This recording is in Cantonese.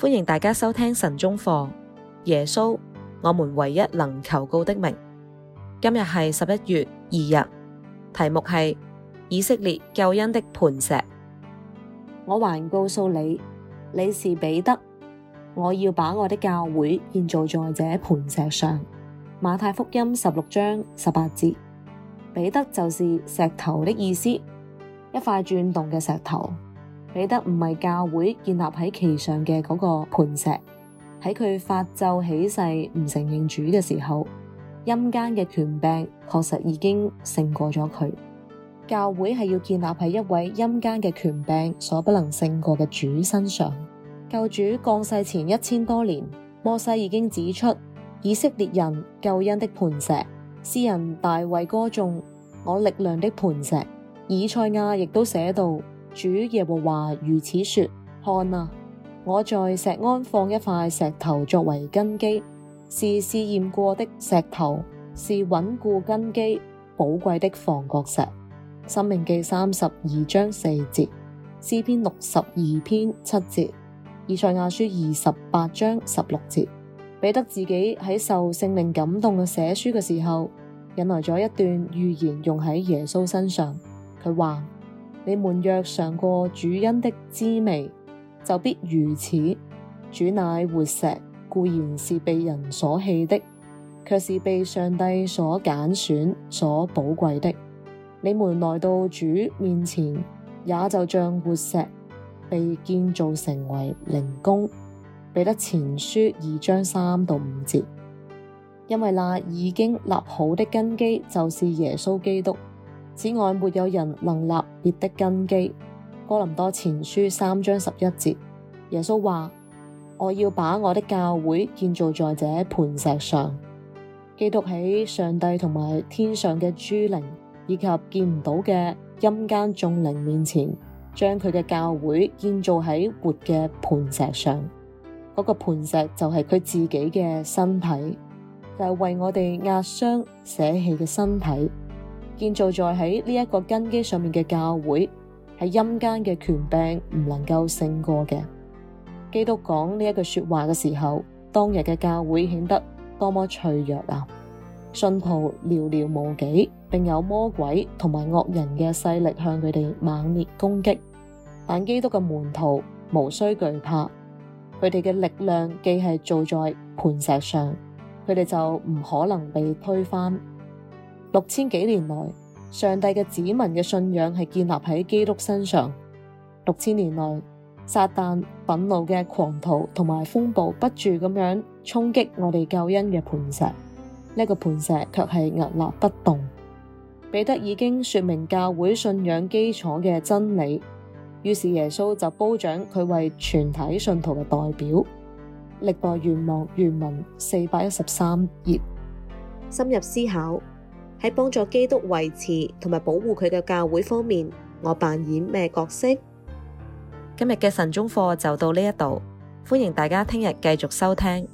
歡迎大家收聽晨鐘課，耶穌，我們唯一能求告的名。今日係十一月二日，題目係以色列救恩的磐石。我還告訴你，你是彼得，我要把我的教會建造在這磐石上。馬太福音十六章十八節，彼得就是石頭的意思，一塊轉動嘅石頭。彼得唔係教會建立喺其上嘅嗰個磐石，喺佢發咒起誓唔承認主嘅時候，陰間嘅權柄確實已經勝過咗佢。教會係要建立喺一位陰間嘅權柄所不能勝過嘅主身上。救主降世前一千多年，摩西已經指出以色列人救恩的磐石，詩人大衛歌頌我力量的磐石。以賽亞亦都寫道。主耶和華如此說：看啊，我在石安放一塊石頭作為根基，是試驗過的石頭，是穩固根基、寶貴的防國石。生命記三十二章四節，詩篇六十二篇七節，以賽亞書二十八章十六節，彼得自己喺受聖靈感動嘅寫書嘅時候，引來咗一段預言用喺耶穌身上。佢話。你們若嘗過主恩的滋味，就必如此。主乃活石，固然是被人所棄的，却是被上帝所揀選、所寶貴的。你們來到主面前，也就像活石被建造成為靈宮。彼得前書二章三到五節，因為那已經立好的根基就是耶穌基督。此外，沒有人能立別的根基。哥林多前書三章十一節，耶穌話，我要把我的教會建造在這磐石上。基督喺上帝同埋天上嘅諸靈以及見唔到嘅陰間眾靈面前，將佢嘅教會建造喺活嘅磐石上。嗰、那個磐石就係佢自己嘅身體，就係、是、為我哋壓傷捨棄嘅身體。建造在喺呢一個根基上面嘅教會，係陰間嘅權柄唔能夠勝過嘅。基督講呢一句說話嘅時候，當日嘅教會顯得多麼脆弱啊！信徒寥寥無幾，並有魔鬼同埋惡人嘅勢力向佢哋猛烈攻擊。但基督嘅門徒無需懼怕，佢哋嘅力量既係造在磐石上，佢哋就唔可能被推翻。六千幾年來，上帝嘅子民嘅信仰係建立喺基督身上。六千年內，撒旦憤怒嘅狂徒同埋風暴不住咁樣沖擊我哋救恩嘅磐石，呢、這個磐石卻係屹立不動。彼得已經說明教會信仰基礎嘅真理，於是耶穌就褒獎佢為全體信徒嘅代表。《歷代願望原文》四百一十三頁，深入思考。喺幫助基督維持同埋保護佢嘅教會方面，我扮演咩角色？今日嘅晨鐘課就到呢一度，歡迎大家聽日繼續收聽。